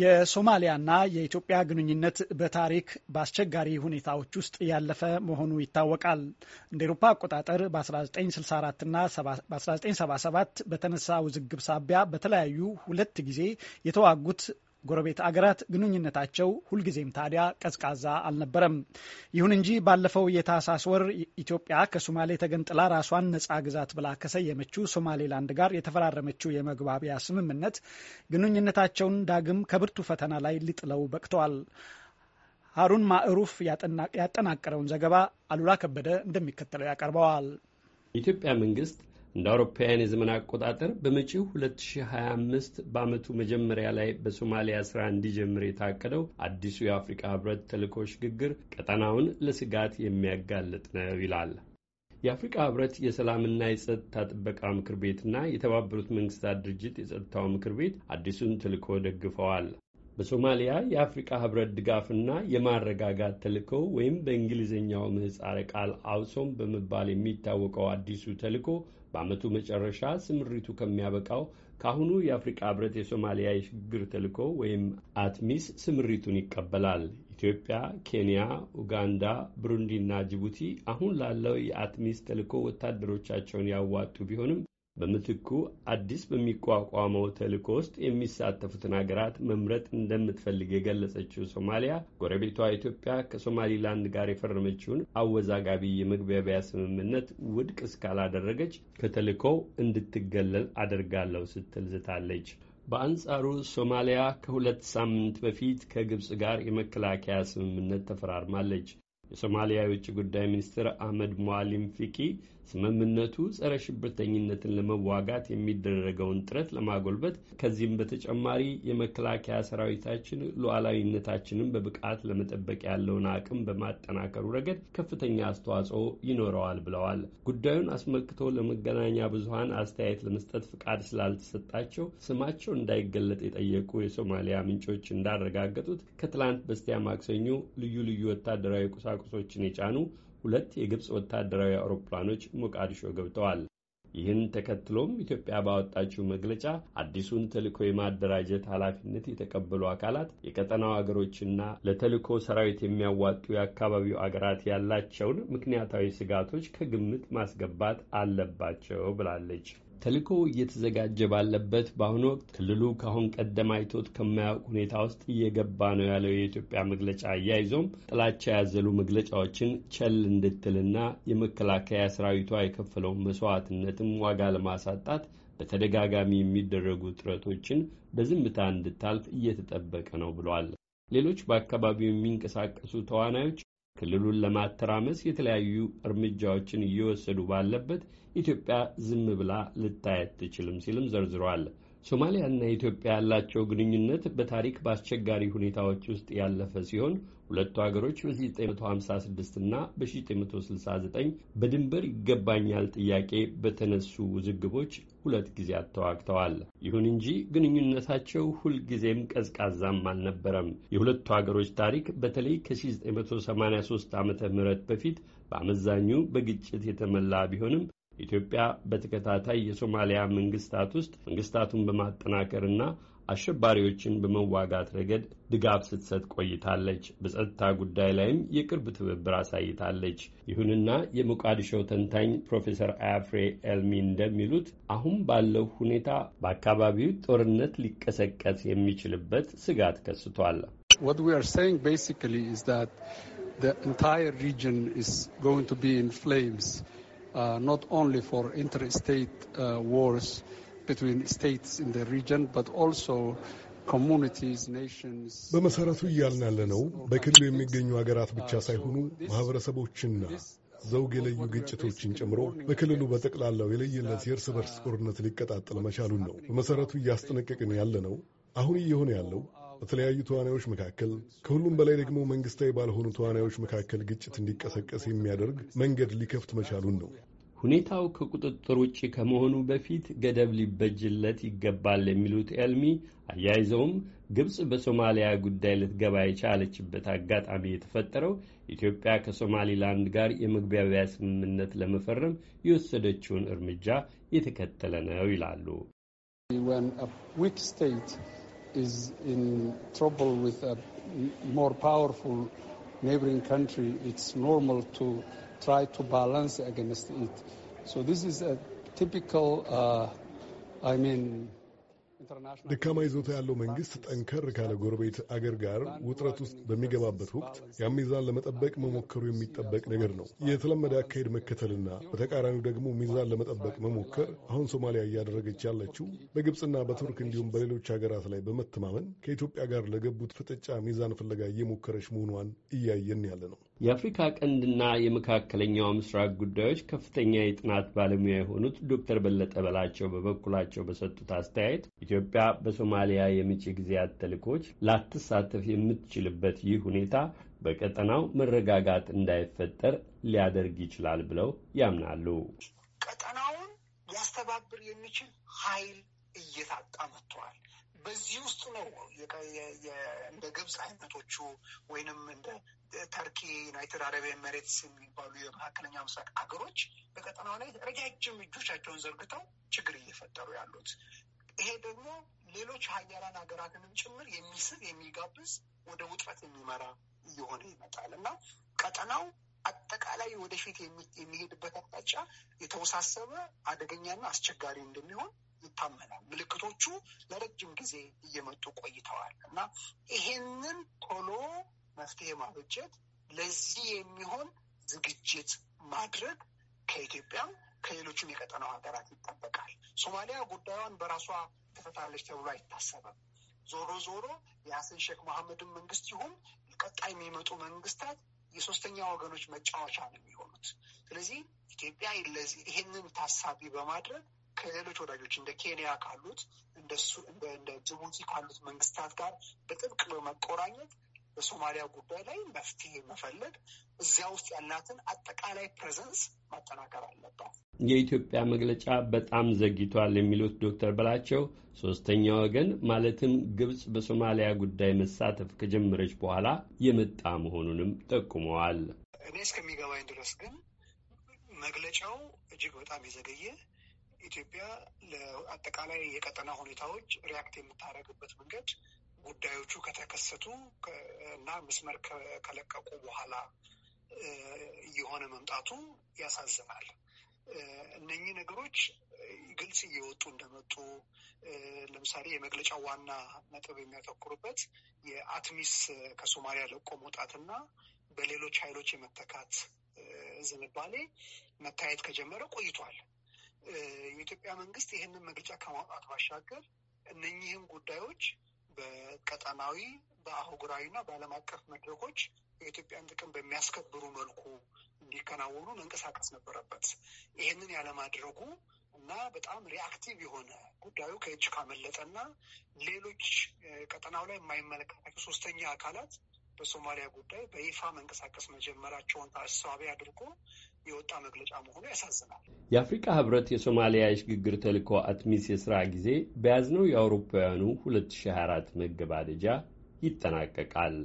የሶማሊያና የኢትዮጵያ ግንኙነት በታሪክ በአስቸጋሪ ሁኔታዎች ውስጥ ያለፈ መሆኑ ይታወቃል። እንደ ኤሮፓ አቆጣጠር በ1964ና በ1977 በተነሳ ውዝግብ ሳቢያ በተለያዩ ሁለት ጊዜ የተዋጉት ጎረቤት አገራት ግንኙነታቸው ሁልጊዜም ታዲያ ቀዝቃዛ አልነበረም። ይሁን እንጂ ባለፈው የታህሳስ ወር ኢትዮጵያ ከሶማሌ ተገንጥላ ራሷን ነፃ ግዛት ብላ ከሰየመችው ሶማሌላንድ ጋር የተፈራረመችው የመግባቢያ ስምምነት ግንኙነታቸውን ዳግም ከብርቱ ፈተና ላይ ሊጥለው በቅተዋል። ሀሩን ማዕሩፍ ያጠናቀረውን ዘገባ አሉላ ከበደ እንደሚከተለው ያቀርበዋል። የኢትዮጵያ መንግስት እንደ አውሮፓውያን የዘመን አቆጣጠር በመጪው 2025 በዓመቱ መጀመሪያ ላይ በሶማሊያ ስራ እንዲጀምር የታቀደው አዲሱ የአፍሪካ ህብረት ተልዕኮ ሽግግር ቀጠናውን ለስጋት የሚያጋልጥ ነው ይላል። የአፍሪካ ህብረት የሰላምና የጸጥታ ጥበቃ ምክር ቤትና የተባበሩት መንግስታት ድርጅት የጸጥታው ምክር ቤት አዲሱን ተልዕኮ ደግፈዋል። በሶማሊያ የአፍሪካ ህብረት ድጋፍና የማረጋጋት ተልእኮ ወይም በእንግሊዝኛው ምህፃረ ቃል አውሶም በመባል የሚታወቀው አዲሱ ተልእኮ በዓመቱ መጨረሻ ስምሪቱ ከሚያበቃው ከአሁኑ የአፍሪካ ህብረት የሶማሊያ የሽግግር ተልእኮ ወይም አትሚስ ስምሪቱን ይቀበላል። ኢትዮጵያ፣ ኬንያ፣ ኡጋንዳ፣ ብሩንዲና ጅቡቲ አሁን ላለው የአትሚስ ተልእኮ ወታደሮቻቸውን ያዋጡ ቢሆንም በምትኩ አዲስ በሚቋቋመው ተልእኮ ውስጥ የሚሳተፉትን ሀገራት መምረጥ እንደምትፈልግ የገለጸችው ሶማሊያ ጎረቤቷ ኢትዮጵያ ከሶማሊላንድ ጋር የፈረመችውን አወዛጋቢ የመግባቢያ ስምምነት ውድቅ እስካላደረገች ከተልእኮው እንድትገለል አደርጋለሁ ስትል ዝታለች። በአንጻሩ ሶማሊያ ከሁለት ሳምንት በፊት ከግብፅ ጋር የመከላከያ ስምምነት ተፈራርማለች። የሶማሊያ የውጭ ጉዳይ ሚኒስትር አህመድ ሙአሊም ፊቂ ስምምነቱ ጸረ ሽብርተኝነትን ለመዋጋት የሚደረገውን ጥረት ለማጎልበት ከዚህም በተጨማሪ የመከላከያ ሰራዊታችን ሉዓላዊነታችንን በብቃት ለመጠበቅ ያለውን አቅም በማጠናከሩ ረገድ ከፍተኛ አስተዋጽኦ ይኖረዋል ብለዋል። ጉዳዩን አስመልክቶ ለመገናኛ ብዙሀን አስተያየት ለመስጠት ፍቃድ ስላልተሰጣቸው ስማቸው እንዳይገለጥ የጠየቁ የሶማሊያ ምንጮች እንዳረጋገጡት ከትላንት በስቲያ ማክሰኞ ልዩ ልዩ ወታደራዊ ቁሳ ቁሳቁሶችን የጫኑ ሁለት የግብፅ ወታደራዊ አውሮፕላኖች ሞቃዲሾ ገብተዋል። ይህን ተከትሎም ኢትዮጵያ ባወጣችው መግለጫ አዲሱን ተልእኮ የማደራጀት ኃላፊነት የተቀበሉ አካላት የቀጠናው አገሮችና ለተልእኮ ሰራዊት የሚያዋጡ የአካባቢው አገራት ያላቸውን ምክንያታዊ ስጋቶች ከግምት ማስገባት አለባቸው ብላለች። ተልዕኮ እየተዘጋጀ ባለበት በአሁኑ ወቅት ክልሉ ከአሁን ቀደም አይቶት ከማያውቅ ሁኔታ ውስጥ እየገባ ነው ያለው የኢትዮጵያ መግለጫ አያይዞም ጥላቻ ያዘሉ መግለጫዎችን ቸል እንድትልና የመከላከያ ሰራዊቷ የከፈለው መስዋዕትነትም ዋጋ ለማሳጣት በተደጋጋሚ የሚደረጉ ጥረቶችን በዝምታ እንድታልፍ እየተጠበቀ ነው ብሏል። ሌሎች በአካባቢው የሚንቀሳቀሱ ተዋናዮች ክልሉን ለማተራመስ የተለያዩ እርምጃዎችን እየወሰዱ ባለበት ኢትዮጵያ ዝም ብላ ልታይ አትችልም ሲልም ዘርዝሯል። ሶማሊያና ኢትዮጵያ ያላቸው ግንኙነት በታሪክ በአስቸጋሪ ሁኔታዎች ውስጥ ያለፈ ሲሆን ሁለቱ ሀገሮች በ1956 እና በ1969 በድንበር ይገባኛል ጥያቄ በተነሱ ውዝግቦች ሁለት ጊዜያት ተዋግተዋል። ይሁን እንጂ ግንኙነታቸው ሁልጊዜም ቀዝቃዛም አልነበረም። የሁለቱ ሀገሮች ታሪክ በተለይ ከ1983 ዓ ም በፊት በአመዛኙ በግጭት የተሞላ ቢሆንም ኢትዮጵያ በተከታታይ የሶማሊያ መንግስታት ውስጥ መንግስታቱን በማጠናከርና አሸባሪዎችን በመዋጋት ረገድ ድጋፍ ስትሰጥ ቆይታለች። በጸጥታ ጉዳይ ላይም የቅርብ ትብብር አሳይታለች። ይሁንና የሞቃዲሾው ተንታኝ ፕሮፌሰር አያፍሬ ኤልሚ እንደሚሉት አሁን ባለው ሁኔታ በአካባቢው ጦርነት ሊቀሰቀስ የሚችልበት ስጋት ከስቷል። ሪጅን በመሰረቱ እያልን ያለነው በክልሉ የሚገኙ ሀገራት ብቻ ሳይሆኑ ማህበረሰቦችና ዘውግ የለዩ ግጭቶችን ጨምሮ በክልሉ በጠቅላላው የለየለት የእርስ በርስ ጦርነት ሊቀጣጠል መቻሉን ነው። በመሰረቱ እያስጠነቀቅን ያለ ነው። አሁን እየሆነ ያለው በተለያዩ ተዋናዮች መካከል ከሁሉም በላይ ደግሞ መንግስታዊ ባልሆኑ ተዋናዮች መካከል ግጭት እንዲቀሰቀስ የሚያደርግ መንገድ ሊከፍት መቻሉን ነው። ሁኔታው ከቁጥጥር ውጭ ከመሆኑ በፊት ገደብ ሊበጅለት ይገባል የሚሉት ኤልሚ አያይዘውም ግብፅ በሶማሊያ ጉዳይ ልትገባ የቻለችበት አጋጣሚ የተፈጠረው ኢትዮጵያ ከሶማሊላንድ ጋር የመግቢያቢያ ስምምነት ለመፈረም የወሰደችውን እርምጃ የተከተለ ነው ይላሉ። ስ ስቴት neighboring country, it's normal to try to balance against it. So this is a typical, uh, I mean, ደካማ ይዞታ ያለው መንግስት ጠንከር ካለ ጎረቤት አገር ጋር ውጥረት ውስጥ በሚገባበት ወቅት ያን ሚዛን ለመጠበቅ መሞከሩ የሚጠበቅ ነገር ነው። የተለመደ አካሄድ መከተልና በተቃራኒው ደግሞ ሚዛን ለመጠበቅ መሞከር አሁን ሶማሊያ እያደረገች ያለችው በግብፅና በቱርክ እንዲሁም በሌሎች ሀገራት ላይ በመተማመን ከኢትዮጵያ ጋር ለገቡት ፍጥጫ ሚዛን ፍለጋ እየሞከረች መሆኗን እያየን ያለ ነው። የአፍሪካ ቀንድና የመካከለኛው ምስራቅ ጉዳዮች ከፍተኛ የጥናት ባለሙያ የሆኑት ዶክተር በለጠ በላቸው በበኩላቸው በሰጡት አስተያየት ኢትዮጵያ በሶማሊያ የምጪ ጊዜያት ተልእኮች ላትሳተፍ የምትችልበት ይህ ሁኔታ በቀጠናው መረጋጋት እንዳይፈጠር ሊያደርግ ይችላል ብለው ያምናሉ። ቀጠናውን ሊያስተባብር የሚችል ኃይል እየታጣ መጥተዋል። በዚህ ውስጥ ነው እንደ ግብፅ አይነቶቹ ወይንም እንደ ተርኪ፣ ዩናይትድ አረብ ኤሜሬትስ የሚባሉ የመካከለኛ ምስራቅ አገሮች በቀጠናው ላይ ረጃጅም እጆቻቸውን ዘርግተው ችግር እየፈጠሩ ያሉት። ይሄ ደግሞ ሌሎች ሀያላን ሀገራትንም ጭምር የሚስብ የሚጋብዝ ወደ ውጥረት የሚመራ እየሆነ ይመጣል እና ቀጠናው አጠቃላይ ወደፊት የሚሄድበት አቅጣጫ የተወሳሰበ አደገኛና አስቸጋሪ እንደሚሆን ይታመናል። ምልክቶቹ ለረጅም ጊዜ እየመጡ ቆይተዋል እና ይሄንን ቶሎ መፍትሄ ማበጀት ለዚህ የሚሆን ዝግጅት ማድረግ ከኢትዮጵያም ከሌሎችም የቀጠናው ሀገራት ይጠበቃል። ሶማሊያ ጉዳዩን በራሷ ትፈታለች ተብሎ አይታሰብም። ዞሮ ዞሮ የአሰን ሼክ መሐመድን መንግስት ይሁን ቀጣይ የሚመጡ መንግስታት የሶስተኛ ወገኖች መጫወቻ ነው የሚሆኑት። ስለዚህ ኢትዮጵያ ይህንን ታሳቢ በማድረግ ከሌሎች ወዳጆች እንደ ኬንያ ካሉት እንደ ጅቡቲ ካሉት መንግስታት ጋር በጥብቅ በመቆራኘት በሶማሊያ ጉዳይ ላይ መፍትሄ መፈለግ እዚያ ውስጥ ያላትን አጠቃላይ ፕሬዘንስ ማጠናከር አለባት። የኢትዮጵያ መግለጫ በጣም ዘግይቷል የሚሉት ዶክተር በላቸው ሶስተኛ ወገን ማለትም ግብጽ በሶማሊያ ጉዳይ መሳተፍ ከጀመረች በኋላ የመጣ መሆኑንም ጠቁመዋል። እኔ እስከሚገባኝ ድረስ ግን መግለጫው እጅግ በጣም የዘገየ ኢትዮጵያ ለአጠቃላይ የቀጠና ሁኔታዎች ሪያክት የምታደርግበት መንገድ ጉዳዮቹ ከተከሰቱ እና መስመር ከለቀቁ በኋላ እየሆነ መምጣቱ ያሳዝናል። እነኚህ ነገሮች ግልጽ እየወጡ እንደመጡ ለምሳሌ የመግለጫ ዋና ነጥብ የሚያተኩሩበት የአትሚስ ከሶማሊያ ለቆ መውጣትና በሌሎች ኃይሎች የመተካት ዝንባሌ መታየት ከጀመረ ቆይቷል። የኢትዮጵያ መንግስት ይህንን መግለጫ ከማውጣት ባሻገር እነኚህን ጉዳዮች በቀጠናዊ በአህጉራዊ እና በዓለም አቀፍ መድረኮች የኢትዮጵያን ጥቅም በሚያስከብሩ መልኩ እንዲከናወኑ መንቀሳቀስ ነበረበት። ይህንን ያለማድረጉ እና በጣም ሪአክቲቭ የሆነ ጉዳዩ ከእጅ ካመለጠ እና ሌሎች ቀጠናው ላይ የማይመለከታቸው ሶስተኛ አካላት በሶማሊያ ጉዳይ በይፋ መንቀሳቀስ መጀመራቸውን ታሳቢ አድርጎ የወጣ መግለጫ መሆኑ ያሳዝናል። የአፍሪካ ህብረት የሶማሊያ የሽግግር ተልእኮ አትሚስ የስራ ጊዜ በያዝነው የአውሮፓውያኑ 2024 መገባደጃ ይጠናቀቃል።